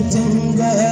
जंगल